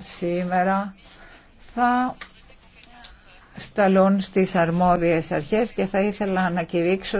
σήμερα θα σταλούν στις αρμόδιες αρχές και θα ήθελα να κηρύξω